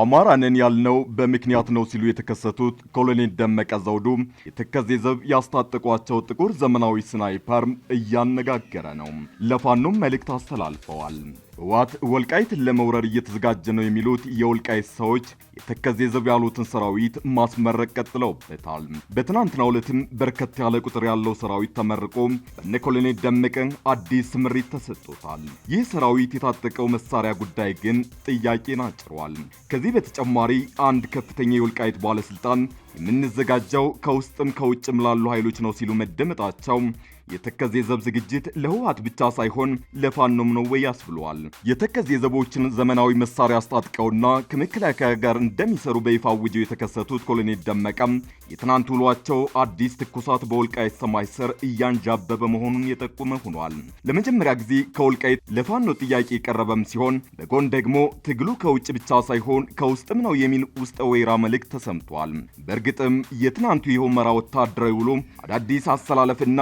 አማራንን ያልነው በምክንያት ነው ሲሉ የተከሰቱት ኮሎኔል ደመቀ ዘውዱ የተከዜ ዘብ ያስታጠቋቸው ጥቁር ዘመናዊ ስናይፐር እያነጋገረ ነው። ለፋኖም መልእክት አስተላልፈዋል። ህወሓት ወልቃይትን ለመውረር እየተዘጋጀ ነው የሚሉት የወልቃይት ሰዎች የተከዜ ዘብ ያሉትን ሰራዊት ማስመረቅ ቀጥለውበታል። በትናንትናው ዕለትም በርከት ያለ ቁጥር ያለው ሰራዊት ተመርቆ በነ ኮሎኔል ደመቀ አዲስ ስምሪት ተሰጥቶታል። ይህ ሰራዊት የታጠቀው መሳሪያ ጉዳይ ግን ጥያቄን አጭሯል። ከዚህ በተጨማሪ አንድ ከፍተኛ የወልቃይት ባለስልጣን የምንዘጋጀው ከውስጥም ከውጭም ላሉ ኃይሎች ነው ሲሉ መደመጣቸው የተከዜ ዘብ ዝግጅት ለህወሓት ብቻ ሳይሆን ለፋኖም ነው ወይ ያስብለዋል። የተከዜ ዘቦችን ዘመናዊ መሳሪያ አስታጥቀውና ከመከላከያ ጋር እንደሚሰሩ በይፋ አውጀው የተከሰቱት ኮሎኔል ደመቀም የትናንት ውሏቸው አዲስ ትኩሳት በወልቃይት ሰማይ ስር እያንዣበበ መሆኑን የጠቁመ ሆኗል። ለመጀመሪያ ጊዜ ከወልቃይት ለፋኖ ጥያቄ የቀረበም ሲሆን በጎን ደግሞ ትግሉ ከውጭ ብቻ ሳይሆን ከውስጥም ነው የሚል ውስጠ ወይራ መልእክት ተሰምቷል። በእርግጥም የትናንቱ የሆመራ ወታደራዊ ውሎ አዳዲስ አሰላለፍና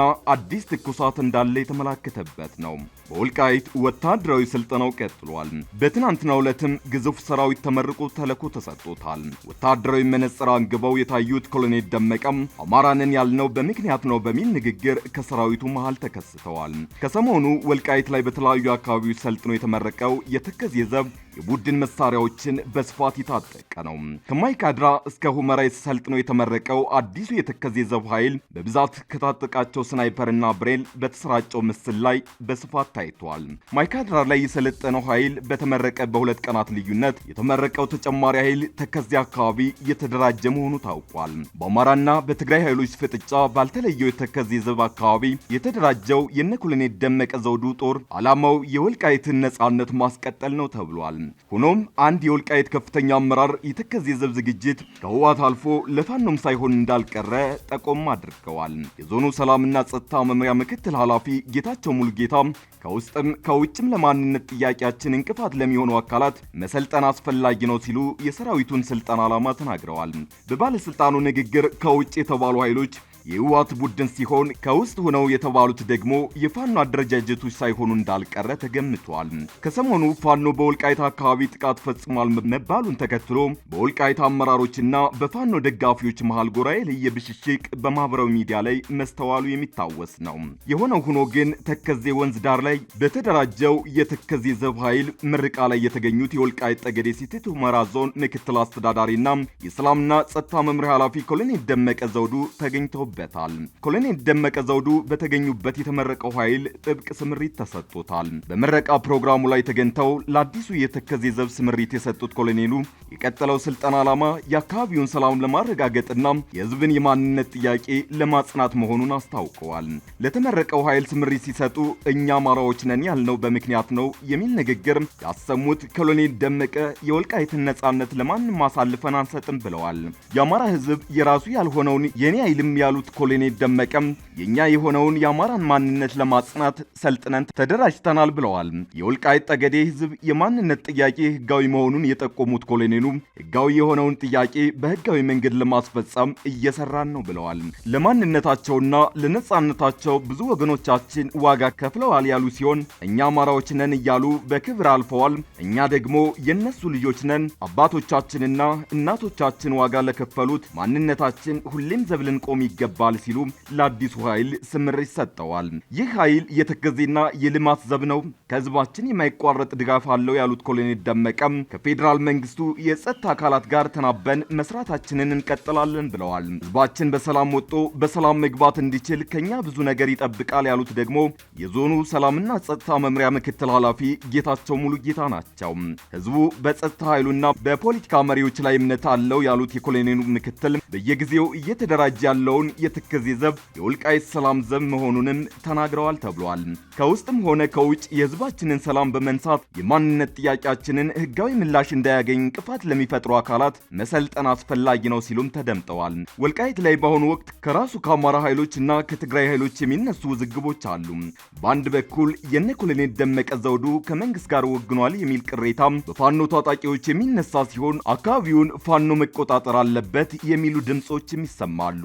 አዲስ ትኩሳት እንዳለ የተመላከተበት ነው። በወልቃይት ወታደራዊ ስልጠናው ቀጥሏል። በትናንትናው ዕለትም ግዙፍ ሰራዊት ተመርቆ ተልዕኮ ተሰጥቶታል። ወታደራዊ መነጽር አንግበው የታዩት ኮሎኔል ደመቀም አማራንን ያልነው በምክንያት ነው በሚል ንግግር ከሰራዊቱ መሃል ተከስተዋል። ከሰሞኑ ወልቃይት ላይ በተለያዩ አካባቢዎች ሰልጥኖ የተመረቀው የተከዜ ዘብ የቡድን መሳሪያዎችን በስፋት የታጠቀ ነው። ከማይካድራ እስከ ሁመራ የተሰልጥኖ የተመረቀው አዲሱ የተከዜ ዘብ ኃይል በብዛት ከታጠቃቸው ስናይፐርና ብሬል በተሰራጨው ምስል ላይ በስፋት ታይቷል። ማይካድራ ላይ የሰለጠነው ኃይል በተመረቀ በሁለት ቀናት ልዩነት የተመረቀው ተጨማሪ ኃይል ተከዚ አካባቢ እየተደራጀ መሆኑ ታውቋል። በአማራና በትግራይ ኃይሎች ፍጥጫ ባልተለየው የተከዚ ዘብ አካባቢ የተደራጀው የነኮሎኔል ደመቀ ዘውዱ ጦር ዓላማው የወልቃይትን ነጻነት ማስቀጠል ነው ተብሏል። ሆኖም አንድ የወልቃይት ከፍተኛ አመራር የተከዚ ዘብ ዝግጅት ከህወሓት አልፎ ለፋኖም ሳይሆን እንዳልቀረ ጠቆም አድርገዋል። የዞኑ ሰላምና ጸጥታ መምሪያ ምክትል ኃላፊ ጌታቸው ሙሉጌታ ከውስጥም ከውጭም ለማንነት ጥያቄያችን እንቅፋት ለሚሆኑ አካላት መሰልጠን አስፈላጊ ነው ሲሉ የሰራዊቱን ስልጠና ዓላማ ተናግረዋል። በባለስልጣኑ ንግግር ከውጭ የተባሉ ኃይሎች የህወሓት ቡድን ሲሆን ከውስጥ ሆነው የተባሉት ደግሞ የፋኖ አደረጃጀቶች ሳይሆኑ እንዳልቀረ ተገምቷል። ከሰሞኑ ፋኖ በወልቃይት አካባቢ ጥቃት ፈጽሟል መባሉን ተከትሎ በወልቃይት አመራሮችና በፋኖ ደጋፊዎች መሃል ጎራ የለየ ብሽሽቅ በማህበራዊ ሚዲያ ላይ መስተዋሉ የሚታወስ ነው። የሆነው ሆኖ ግን ተከዜ ወንዝ ዳር ላይ በተደራጀው የተከዜ ዘብ ኃይል ምርቃ ላይ የተገኙት የወልቃይት ጠገዴ ሰቲት ሁመራ ዞን ምክትል አስተዳዳሪና የሰላምና ጸጥታ መምሪያ ኃላፊ ኮሎኔል ደመቀ ዘውዱ ተገኝተው ተሰርቶበታል። ኮሎኔል ደመቀ ዘውዱ በተገኙበት የተመረቀው ኃይል ጥብቅ ስምሪት ተሰጥቶታል። በምረቃ ፕሮግራሙ ላይ ተገኝተው ለአዲሱ የተከዜ ዘብ ስምሪት የሰጡት ኮሎኔሉ የቀጠለው ስልጠና ዓላማ የአካባቢውን ሰላም ለማረጋገጥና የህዝብን የማንነት ጥያቄ ለማጽናት መሆኑን አስታውቀዋል። ለተመረቀው ኃይል ስምሪት ሲሰጡ እኛ አማራዎች ነን ያልነው በምክንያት ነው የሚል ንግግር ያሰሙት ኮሎኔል ደመቀ የወልቃይትን ነጻነት ለማንም አሳልፈን አንሰጥም ብለዋል። የአማራ ህዝብ የራሱ ያልሆነውን የኔ አይልም ያሉ የነበሩት ኮሎኔል ደመቀም የእኛ የሆነውን የአማራን ማንነት ለማጽናት ሰልጥነን ተደራጅተናል ብለዋል። የወልቃይት ጠገዴ ህዝብ የማንነት ጥያቄ ህጋዊ መሆኑን የጠቆሙት ኮሎኔሉ ህጋዊ የሆነውን ጥያቄ በህጋዊ መንገድ ለማስፈጸም እየሰራን ነው ብለዋል። ለማንነታቸውና ለነጻነታቸው ብዙ ወገኖቻችን ዋጋ ከፍለዋል ያሉ ሲሆን እኛ አማራዎች ነን እያሉ በክብር አልፈዋል። እኛ ደግሞ የነሱ ልጆች ነን። አባቶቻችንና እናቶቻችን ዋጋ ለከፈሉት ማንነታችን ሁሌም ዘብልን ቆም ይገባል ይገባል ሲሉ ለአዲሱ ኃይል ስምሪት ሰጠዋል። ይህ ኃይል የተከዜና የልማት ዘብ ነው፣ ከህዝባችን የማይቋረጥ ድጋፍ አለው ያሉት ኮሎኔል ደመቀም ከፌዴራል መንግስቱ የጸጥታ አካላት ጋር ተናበን መስራታችንን እንቀጥላለን ብለዋል። ህዝባችን በሰላም ወጥቶ በሰላም መግባት እንዲችል ከኛ ብዙ ነገር ይጠብቃል ያሉት ደግሞ የዞኑ ሰላምና ጸጥታ መምሪያ ምክትል ኃላፊ ጌታቸው ሙሉ ጌታ ናቸው። ህዝቡ በጸጥታ ኃይሉና በፖለቲካ መሪዎች ላይ እምነት አለው ያሉት የኮሎኔሉ ምክትል በየጊዜው እየተደራጀ ያለውን የትከዜ ዘብ የወልቃይት ሰላም ዘብ መሆኑንም ተናግረዋል ተብሏል። ከውስጥም ሆነ ከውጭ የህዝባችንን ሰላም በመንሳት የማንነት ጥያቄያችንን ህጋዊ ምላሽ እንዳያገኝ እንቅፋት ለሚፈጥሩ አካላት መሰልጠን አስፈላጊ ነው ሲሉም ተደምጠዋል። ወልቃይት ላይ በአሁኑ ወቅት ከራሱ ከአማራ ኃይሎች እና ከትግራይ ኃይሎች የሚነሱ ውዝግቦች አሉ። በአንድ በኩል የነ ኮሎኔል ደመቀ ዘውዱ ከመንግስት ጋር ወግኗል የሚል ቅሬታ በፋኖ ታጣቂዎች የሚነሳ ሲሆን አካባቢውን ፋኖ መቆጣጠር አለበት የሚሉ ድምጾችም ይሰማሉ።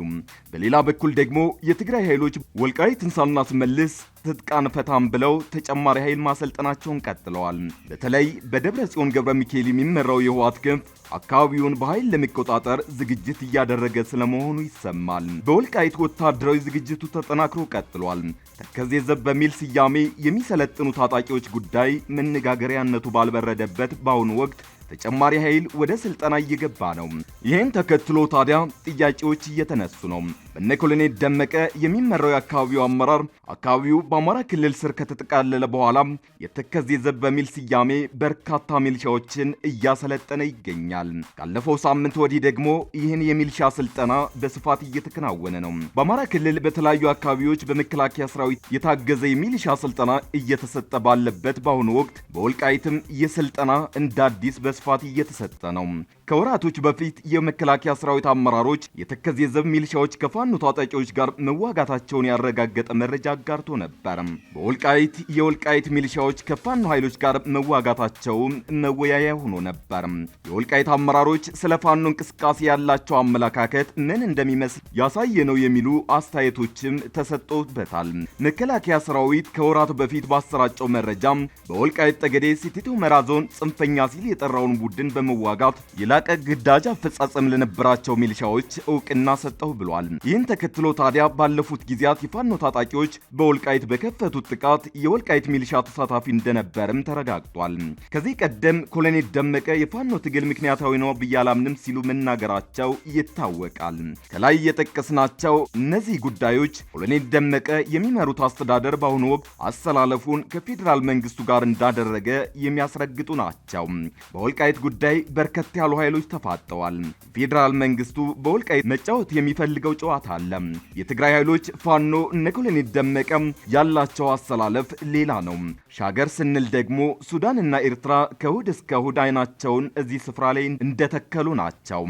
በሌላ በኩል ደግሞ የትግራይ ኃይሎች ወልቃይትን ሳናስመልስ ትጥቃን ፈታም ብለው ተጨማሪ ኃይል ማሰልጠናቸውን ቀጥለዋል። በተለይ በደብረ ጽዮን ገብረ ሚካኤል የሚመራው የህወሓት ክንፍ አካባቢውን በኃይል ለመቆጣጠር ዝግጅት እያደረገ ስለመሆኑ ይሰማል። በወልቃይት ወታደራዊ ዝግጅቱ ተጠናክሮ ቀጥሏል። ተከዜ ዘብ በሚል ስያሜ የሚሰለጥኑ ታጣቂዎች ጉዳይ መነጋገሪያነቱ ባልበረደበት በአሁኑ ወቅት ተጨማሪ ኃይል ወደ ስልጠና እየገባ ነው። ይህን ተከትሎ ታዲያ ጥያቄዎች እየተነሱ ነው። በነ ኮሎኔል ደመቀ የሚመራው የአካባቢው አመራር አካባቢው በአማራ ክልል ስር ከተጠቃለለ በኋላ የተከዜ ዘብ በሚል ስያሜ በርካታ ሚልሻዎችን እያሰለጠነ ይገኛል። ካለፈው ሳምንት ወዲህ ደግሞ ይህን የሚልሻ ስልጠና በስፋት እየተከናወነ ነው። በአማራ ክልል በተለያዩ አካባቢዎች በመከላከያ ሰራዊት የታገዘ የሚልሻ ስልጠና እየተሰጠ ባለበት በአሁኑ ወቅት በወልቃይትም ይህ ስልጠና እንደ አዲስ በስፋት እየተሰጠ ነው። ከወራቶች በፊት የመከላከያ ሰራዊት አመራሮች የተከዜ ዘብ ሚሊሻዎች ከፋኖ ታጣቂዎች ጋር መዋጋታቸውን ያረጋገጠ መረጃ አጋርቶ ነበር። በወልቃይት የወልቃይት ሚሊሻዎች ከፋኖ ኃይሎች ጋር መዋጋታቸው መወያያ ሆኖ ነበር። የወልቃይት አመራሮች ስለ ፋኖ እንቅስቃሴ ያላቸው አመለካከት ምን እንደሚመስል ያሳየ ነው የሚሉ አስተያየቶችም ተሰጥቶበታል። መከላከያ ሰራዊት ከወራት በፊት ባሰራጨው መረጃ በወልቃይት ጠገዴ ሲቲቱ መራዞን ጽንፈኛ ሲል የጠራውን ቡድን በመዋጋት ይላል የላቀ ግዳጅ አፈጻጸም ለነበራቸው ሚሊሻዎች እውቅና ሰጠሁ ብሏል። ይህን ተከትሎ ታዲያ ባለፉት ጊዜያት የፋኖ ታጣቂዎች በወልቃይት በከፈቱት ጥቃት የወልቃይት ሚሊሻ ተሳታፊ እንደነበርም ተረጋግጧል። ከዚህ ቀደም ኮሎኔል ደመቀ የፋኖ ትግል ምክንያታዊ ነው ብያላምንም ሲሉ መናገራቸው ይታወቃል። ከላይ የጠቀስናቸው እነዚህ ጉዳዮች ኮሎኔል ደመቀ የሚመሩት አስተዳደር በአሁኑ ወቅት አሰላለፉን ከፌዴራል መንግስቱ ጋር እንዳደረገ የሚያስረግጡ ናቸው። በወልቃይት ጉዳይ በርከት ያሉ ኃይሎች ተፋጠዋል። ፌዴራል መንግስቱ በወልቃይት መጫወት የሚፈልገው ጨዋታ አለ። የትግራይ ኃይሎች ፋኖ ነኮለን ይደመቀ ያላቸው አሰላለፍ ሌላ ነው። ሻገር ስንል ደግሞ ሱዳንና ኤርትራ ከእሁድ እስከ እሁድ አይናቸውን እዚህ ስፍራ ላይ እንደተከሉ ናቸው።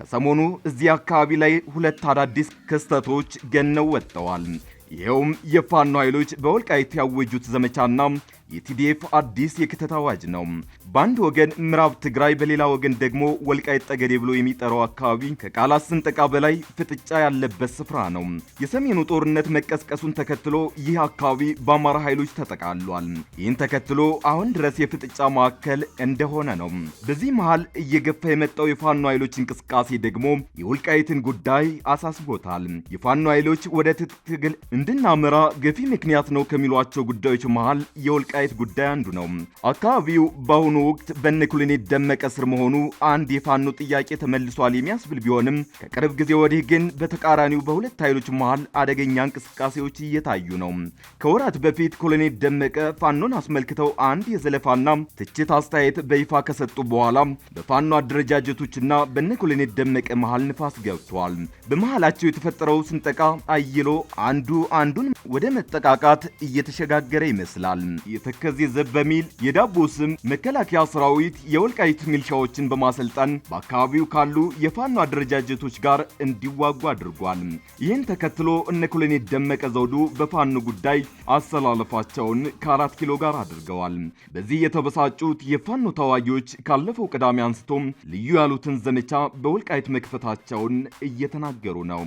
ከሰሞኑ እዚህ አካባቢ ላይ ሁለት አዳዲስ ክስተቶች ገነው ወጥተዋል። ይኸውም የፋኖ ኃይሎች በወልቃይት ያወጁት ዘመቻና የቲዲኤፍ አዲስ የክተት አዋጅ ነው። በአንድ ወገን ምዕራብ ትግራይ፣ በሌላ ወገን ደግሞ ወልቃይት ጠገዴ ብሎ የሚጠራው አካባቢ ከቃላት ስንጠቃ በላይ ፍጥጫ ያለበት ስፍራ ነው። የሰሜኑ ጦርነት መቀስቀሱን ተከትሎ ይህ አካባቢ በአማራ ኃይሎች ተጠቃሏል። ይህን ተከትሎ አሁን ድረስ የፍጥጫ ማዕከል እንደሆነ ነው። በዚህ መሃል እየገፋ የመጣው የፋኖ ኃይሎች እንቅስቃሴ ደግሞ የወልቃይትን ጉዳይ አሳስቦታል። የፋኖ ኃይሎች ወደ ትጥቅ ትግል እንድናመራ ገፊ ምክንያት ነው ከሚሏቸው ጉዳዮች መሃል የወልቃይ የመታየት ጉዳይ አንዱ ነው። አካባቢው በአሁኑ ወቅት በነኮሎኔል ደመቀ ስር መሆኑ አንድ የፋኖ ጥያቄ ተመልሷል የሚያስብል ቢሆንም ከቅርብ ጊዜ ወዲህ ግን በተቃራኒው በሁለት ኃይሎች መሃል አደገኛ እንቅስቃሴዎች እየታዩ ነው። ከወራት በፊት ኮሎኔል ደመቀ ፋኖን አስመልክተው አንድ የዘለፋና ትችት አስተያየት በይፋ ከሰጡ በኋላ በፋኖ አደረጃጀቶችና በነኮሎኔል ደመቀ መሃል ንፋስ ገብቷል። በመሃላቸው የተፈጠረው ስንጠቃ አይሎ አንዱ አንዱን ወደ መጠቃቃት እየተሸጋገረ ይመስላል። የተከዜ ዘብ በሚል የዳቦ ስም መከላከያ ሰራዊት የወልቃይት ሚልሻዎችን በማሰልጠን በአካባቢው ካሉ የፋኖ አደረጃጀቶች ጋር እንዲዋጉ አድርጓል። ይህን ተከትሎ እነ ኮሎኔል ደመቀ ዘውዱ በፋኖ ጉዳይ አሰላለፋቸውን ከአራት ኪሎ ጋር አድርገዋል። በዚህ የተበሳጩት የፋኖ ተዋጊዎች ካለፈው ቅዳሜ አንስቶም ልዩ ያሉትን ዘመቻ በወልቃይት መክፈታቸውን እየተናገሩ ነው።